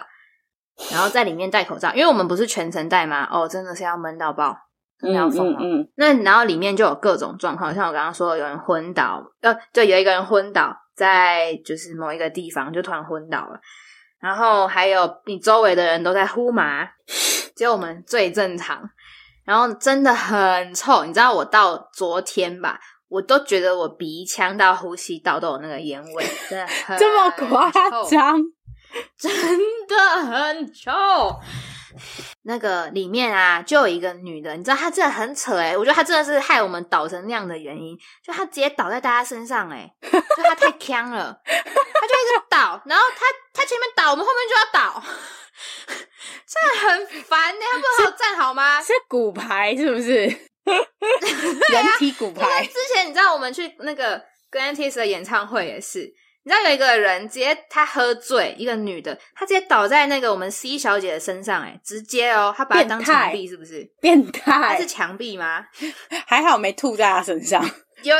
然後在裡面戴口罩，因為我們不是全程戴嘛。哦，真的是要悶到爆，真的要瘋了。嗯嗯嗯、那然後裡面就有各種狀況，像我剛剛說，有人昏倒，呃，就有一個人昏倒在就是某一個地方，就突然昏倒了。然後還有你周圍的人都在呼麻，結果我們最正常。然後真的很臭，你知道我到昨天吧，我都覺得我鼻腔到呼吸道都有那個煙味，真的很臭，這麼誇張，真的很臭。那個裡面啊，就有一個女的，你知道她真的很扯哎、欸，我覺得她真的是害我們倒成那樣的原因，就她直接倒在大家身上哎、欸，就她太嗆了， [LAUGHS] 她就一直倒，然後她她前面倒，我們後面就要倒。站 [LAUGHS] 很煩你、欸、他不還要站好嗎？是，是骨牌是不是？人 [LAUGHS] 啊，人體骨牌。之前你知道我們去那個 Grantis 的演唱會也是，你知道有一個人直接他喝醉，一個女的，她直接倒在那個我們 C 小姐的身上、欸，哎，直接哦、喔，她把她當牆壁是不是？變態？變態。他是牆壁嗎？還好沒吐在她身上， [LAUGHS] 有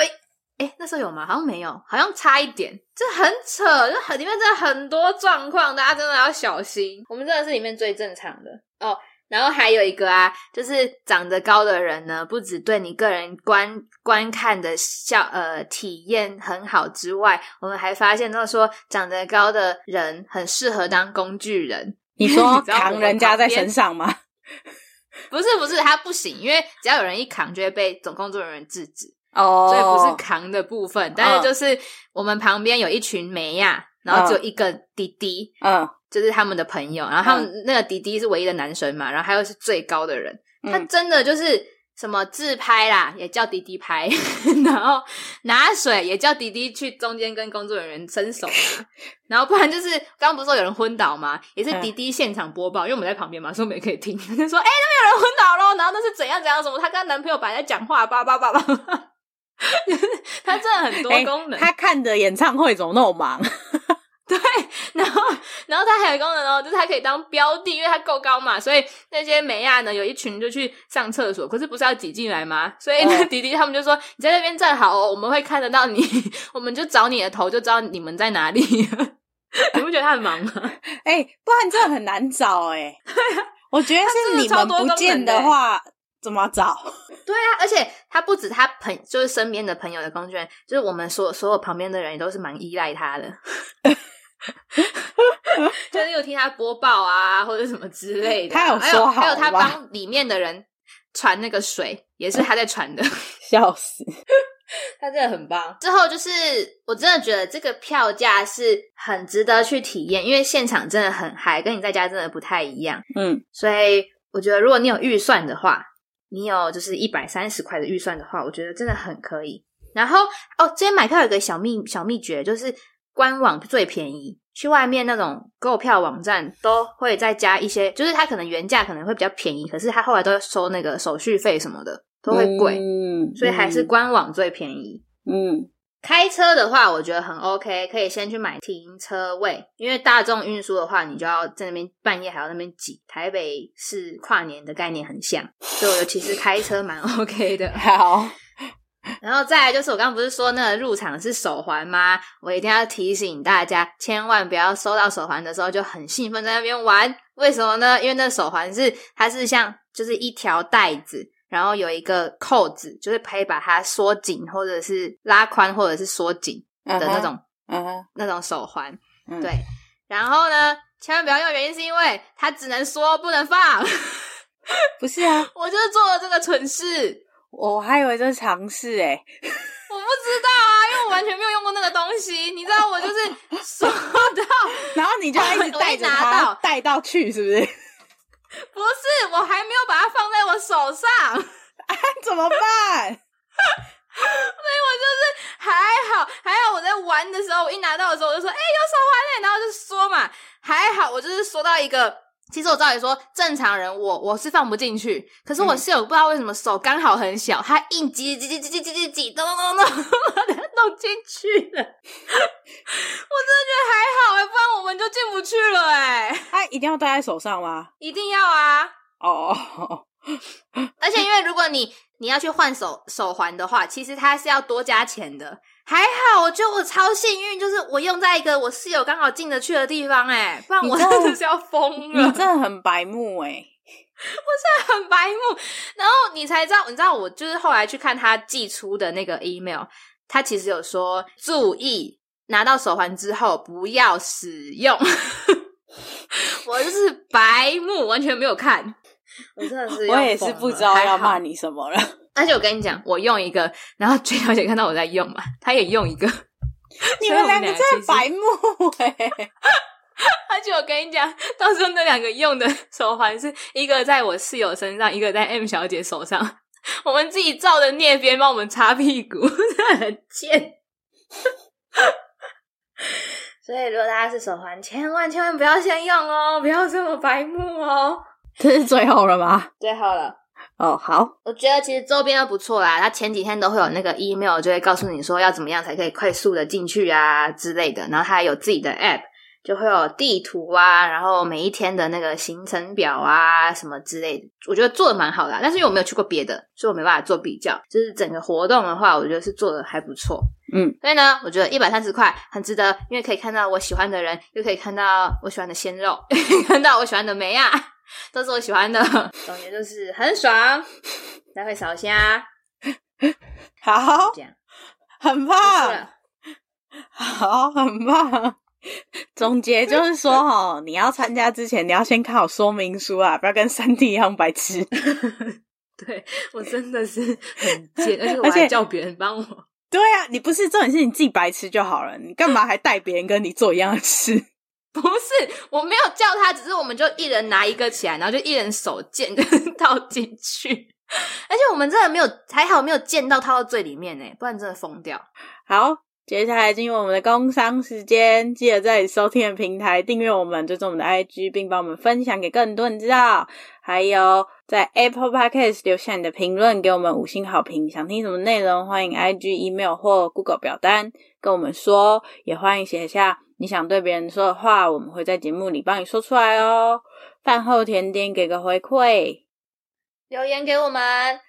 哎、欸，那時候有嗎？好像沒有，好像差一點，這很扯，就很裡面真的很多狀況，大家真的要小心。我們真的是裡面最正常的哦。Oh, 然後還有一個啊，就是長得高的人呢，不只對你個人觀觀看的效呃體驗很好之外，我們還發現到說長得高的人很適合當工具人。你說 [LAUGHS] 你人扛人家在身上嗎？ [LAUGHS] 不是不是，他不行，因為只要有人一扛，就會被總工作人員制止。哦、oh,，所以不是扛的部分，但是就是我們旁邊有一群妹啊、啊，oh. 然後只有一個弟弟，嗯、oh.，就是他們的朋友，然後他們那個弟弟是唯一的男生嘛，然後還有是最高的人、嗯，他真的就是什麼自拍啦，也叫弟弟拍， [LAUGHS] 然後拿水也叫弟弟去中間跟工作人員伸手啦， [LAUGHS] 然後不然就是剛不是說有人昏倒嗎？也是弟弟現場播報、嗯，因為我們在旁邊嘛，所以我們也可以聽，就說：“哎、欸，那邊有人昏倒了，然後那是怎樣怎樣什麼， [LAUGHS] 他跟她男朋友本來在講話，叭叭叭叭。”就是他真的很多功能、欸，他看的演唱會怎麼那麼忙？ [LAUGHS] 對，然後然後他還有功能哦，就是他可以當標的，因為他夠高嘛，所以那些妹啊呢有一群就去上廁所，可是不是要擠進來嗎？所以呢，迪迪他們就說、哦、你在那邊站好哦，我們會看得到你，我們就找你的頭就知道你們在哪裡了。 [LAUGHS] 你不覺得他很忙嗎？誒、欸，不然真的很難找哎、欸。我覺得是你們不見的話、欸。怎麼找？ [LAUGHS] 對啊，而且他不止他朋友，就是身邊的朋友的工具人，就是我們所有所有旁邊的人也都是蠻依賴他的， [LAUGHS] 就是又聽他播報啊，或者什麼之類的。他有說好，還有，還有他幫裡面的人傳那個水，也是他在傳的，笑死！他真的很棒。之後就是我真的覺得這個票價是很值得去體驗，因為現場真的很嗨，跟你在家真的不太一樣。嗯，所以我覺得如果你有預算的話。你有就是一百三十塊的預算的話，我覺得真的很可以。然後哦，今天買票有個小秘小秘訣，就是官網最便宜。去外面那種購票網站都會再加一些，就是它可能原價可能會比較便宜，可是它後來都收那個手續費什麼的都會貴，嗯，所以還是官網最便宜。嗯。嗯開車的話，我覺得很 OK，可以先去買停車位，因為大眾運輸的話，你就要在那邊半夜還要那邊擠。台北是跨年的概念很像，所以我尤其是開車蠻 OK 的。好，然後再來就是我剛剛不是說那個入場是手環嗎？我一定要提醒大家，千萬不要收到手環的時候就很興奮在那邊玩。為什麼呢？因為那手環是它是像就是一條帶子。然後有一個扣子，就是可以把它縮緊，或者是拉寬，或者是縮緊的那種，uh -huh, uh -huh. 那種手環、嗯。對，然後呢，千萬不要用，原因是因為它只能縮，不能放。不是啊，我就是做了這個蠢事，我還以為這是嘗試哎、欸，我不知道啊，因為我完全沒有用過那個東西，你知道我就是縮到， [LAUGHS] 然後你就一直帶一拿到，它帶到去，是不是？不是，我還沒有把它放在我手上，哎、啊，怎麼辦？ [LAUGHS] 所以我就是還好，還好我在玩的時候，我一拿到的時候我就說，哎、欸，有手環嘞、欸，然後就說嘛，還好，我就是說到一個，其實我照理說正常人我，我我是放不進去，可是我室友不知道為什麼手剛好很小，嗯、他硬擠擠擠擠擠擠擠咚咚咚咚。弄進去了， [LAUGHS] 我真的覺得還好哎、欸，不然我們就進不去了哎、欸。它、啊、一定要戴在手上嗎？一定要啊！哦、oh. [LAUGHS] 而且因為如果你你要去換手手環的話，其實它是要多加錢的。還好，我覺得我超幸運，就是我用在一個我室友剛好進得去的地方哎、欸，不然我真的是要瘋了。我真的很白目哎、欸， [LAUGHS] 我真的很白目。然後你才知道，你知道我就是後來去看他寄出的那個 email。他其實有說注意拿到手環之後不要使用。 [LAUGHS] 我就是白目，完全沒有看，我真的是。我也是不知道要罵你什麼了。 [LAUGHS] 而且我跟你講，我用一個，然後崔小姐看到我在用嘛，她也用一個。你們兩個真是白目哎、欸！ [LAUGHS] 而且我跟你講，到時候那兩個用的手環，是一個在我室友身上，一個在 M 小姐手上。 [LAUGHS] 我們自己造的孽，別人幫我們擦屁股，真的很賤。 [LAUGHS] 所以，如果大家是手環，千萬千萬不要先用哦，不要這麼白目哦。這是最後了嗎？最後了。哦，好，我覺得其實周邊都不錯啦。他前幾天都會有那個 email，就會告訴你說要怎麼樣才可以快速的進去啊之類的。然後他還有自己的 app。就會有地圖啊，然後每一天的那個行程表啊，什麼之類的，我覺得做的蠻好的啊。但是因為我沒有去過別的，所以我沒辦法做比較。就是整個活動的話，我覺得是做的還不錯。嗯，所以呢，我覺得一百三十塊很值得，因為可以看到我喜歡的人，又可以看到我喜歡的鮮肉，又可以看到我喜歡的妹啊，都是我喜歡的。 [LAUGHS] 總結就是很爽， [LAUGHS] 來會掃蝦，好，這樣很棒，好，很棒。 [LAUGHS] 總結就是說哦，你要參加之前，你要先看好說明書啊，不要跟3蒂一樣白痴。 [LAUGHS] 對，我真的是很賤，而且我還叫別人幫我。對啊，你不是重點是，你自己白痴就好了，你幹嘛還帶別人跟你做一樣的事？不是，我沒有叫他，只是我們就一人拿一個起來，然後就一人手賤倒進去。而且我們真的沒有，還好沒有賤到套到最裡面呢、欸，不然真的瘋掉。好。接下來進入我們的工商時間，記得在你收聽的平台訂閱我們，追蹤我們的 IG，並幫我們分享給更多人知道。還有在 Apple Podcast 留下你的評論，給我們五星好評。想聽什麼內容，歡迎 IG、e、Email 或 Google 表單跟我們說。也歡迎寫下你想對別人說的話，我們會在節目裡幫你說出來哦。飯後甜點，給個回饋，留言給我們。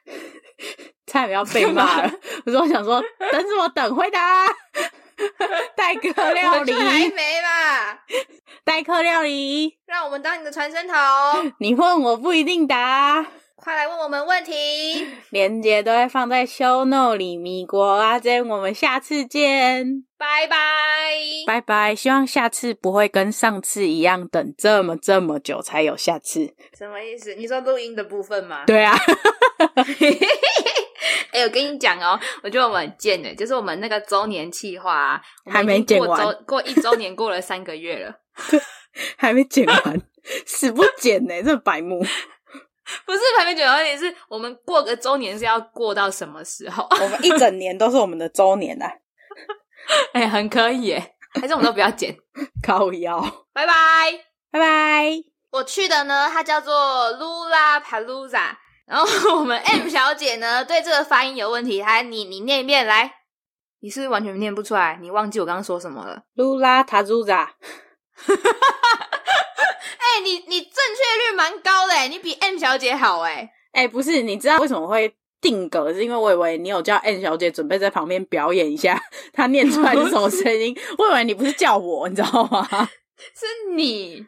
[LAUGHS] 千萬不要被罵！我說我想說， [LAUGHS] 是我等什麼等？回答代 [LAUGHS] 客料理，還沒吧，代客料理，讓我們當你的傳聲筒。你問我不一定答。快來問我們問題。連結都會放在 show note 裡。米國阿、啊、蓁，我們下次見，拜拜拜拜。希望下次不會跟上次一樣，等這麼這麼久才有下次。什麼意思？你說錄音的部分嗎？對啊。 [LAUGHS] [LAUGHS] 哎、欸，我跟你講哦，我覺得我們很賤呢，就是我們那個週年計劃、啊，還沒過週，過一週年過了三個月了，還沒剪完， [LAUGHS] 死不剪呢， [LAUGHS] 這白目。不是還沒剪的問題，是我們過個週年是要過到什麼時候？我們一整年都是我們的週年呢、啊。哎、 [LAUGHS] 欸，很可以耶，還是我們都不要剪，靠腰，拜拜，拜拜。我去的呢，它叫做 Lollapalooza。然後我們 M 小姐呢，對這個發音有問題，還 [LAUGHS] 你你念一遍來，你是不是完全念不出來，你忘記我剛剛說什麼了？嚕啦塔珠子。哎，你你正確率蠻高的，你比 M 小姐好哎。哎、欸，不是，你知道為什麼會定格？是因為我以為你有叫 M 小姐準備在旁邊表演一下，她念出來是什麼聲音。 [LAUGHS] 我以為你不是叫我，你知道嗎？ [LAUGHS] 是你。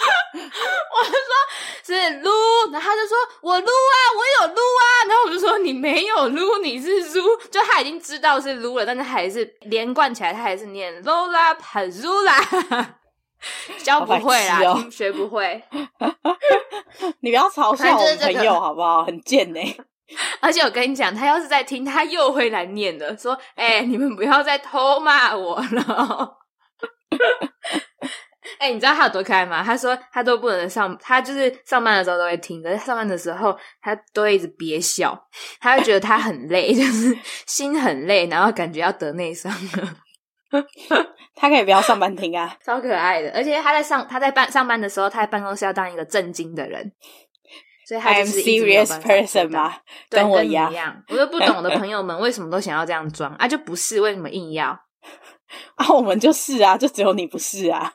[LAUGHS] 我就說，是擼，然後他就說，我擼啊，我有擼啊，然後我就說，你沒有擼，你是擼。就他已經知道是擼了，但是還是連貫起來，他還是念 Lola，很擼啦。教不會啦，喔、學不會。 [LAUGHS] 你不要嘲笑我的朋友好不好？很賤呢、欸。 [LAUGHS] 而且我跟你講，他要是在聽，他又會來念的。說，哎、欸，你們不要再偷罵我了。 [LAUGHS] 哎、欸，你知道他有多可愛嗎？他說他都不能上，他就是上班的時候都會聽，的。上班的時候他都會一直憋笑，他就覺得他很累， [LAUGHS] 就是心很累，然後感覺要得內傷了。 [LAUGHS] 他可以不要上班聽啊，超可愛的。而且他在上，他在辦他在上班的時候，他在辦公室要當一個正經的人，所以他就是一、I'm、serious person 嘛，跟我一樣，跟一樣。我就不懂的朋友們為什麼都想要這樣裝啊？就不是為什麼硬要 [LAUGHS] 啊？我們就是啊，就只有你不是啊。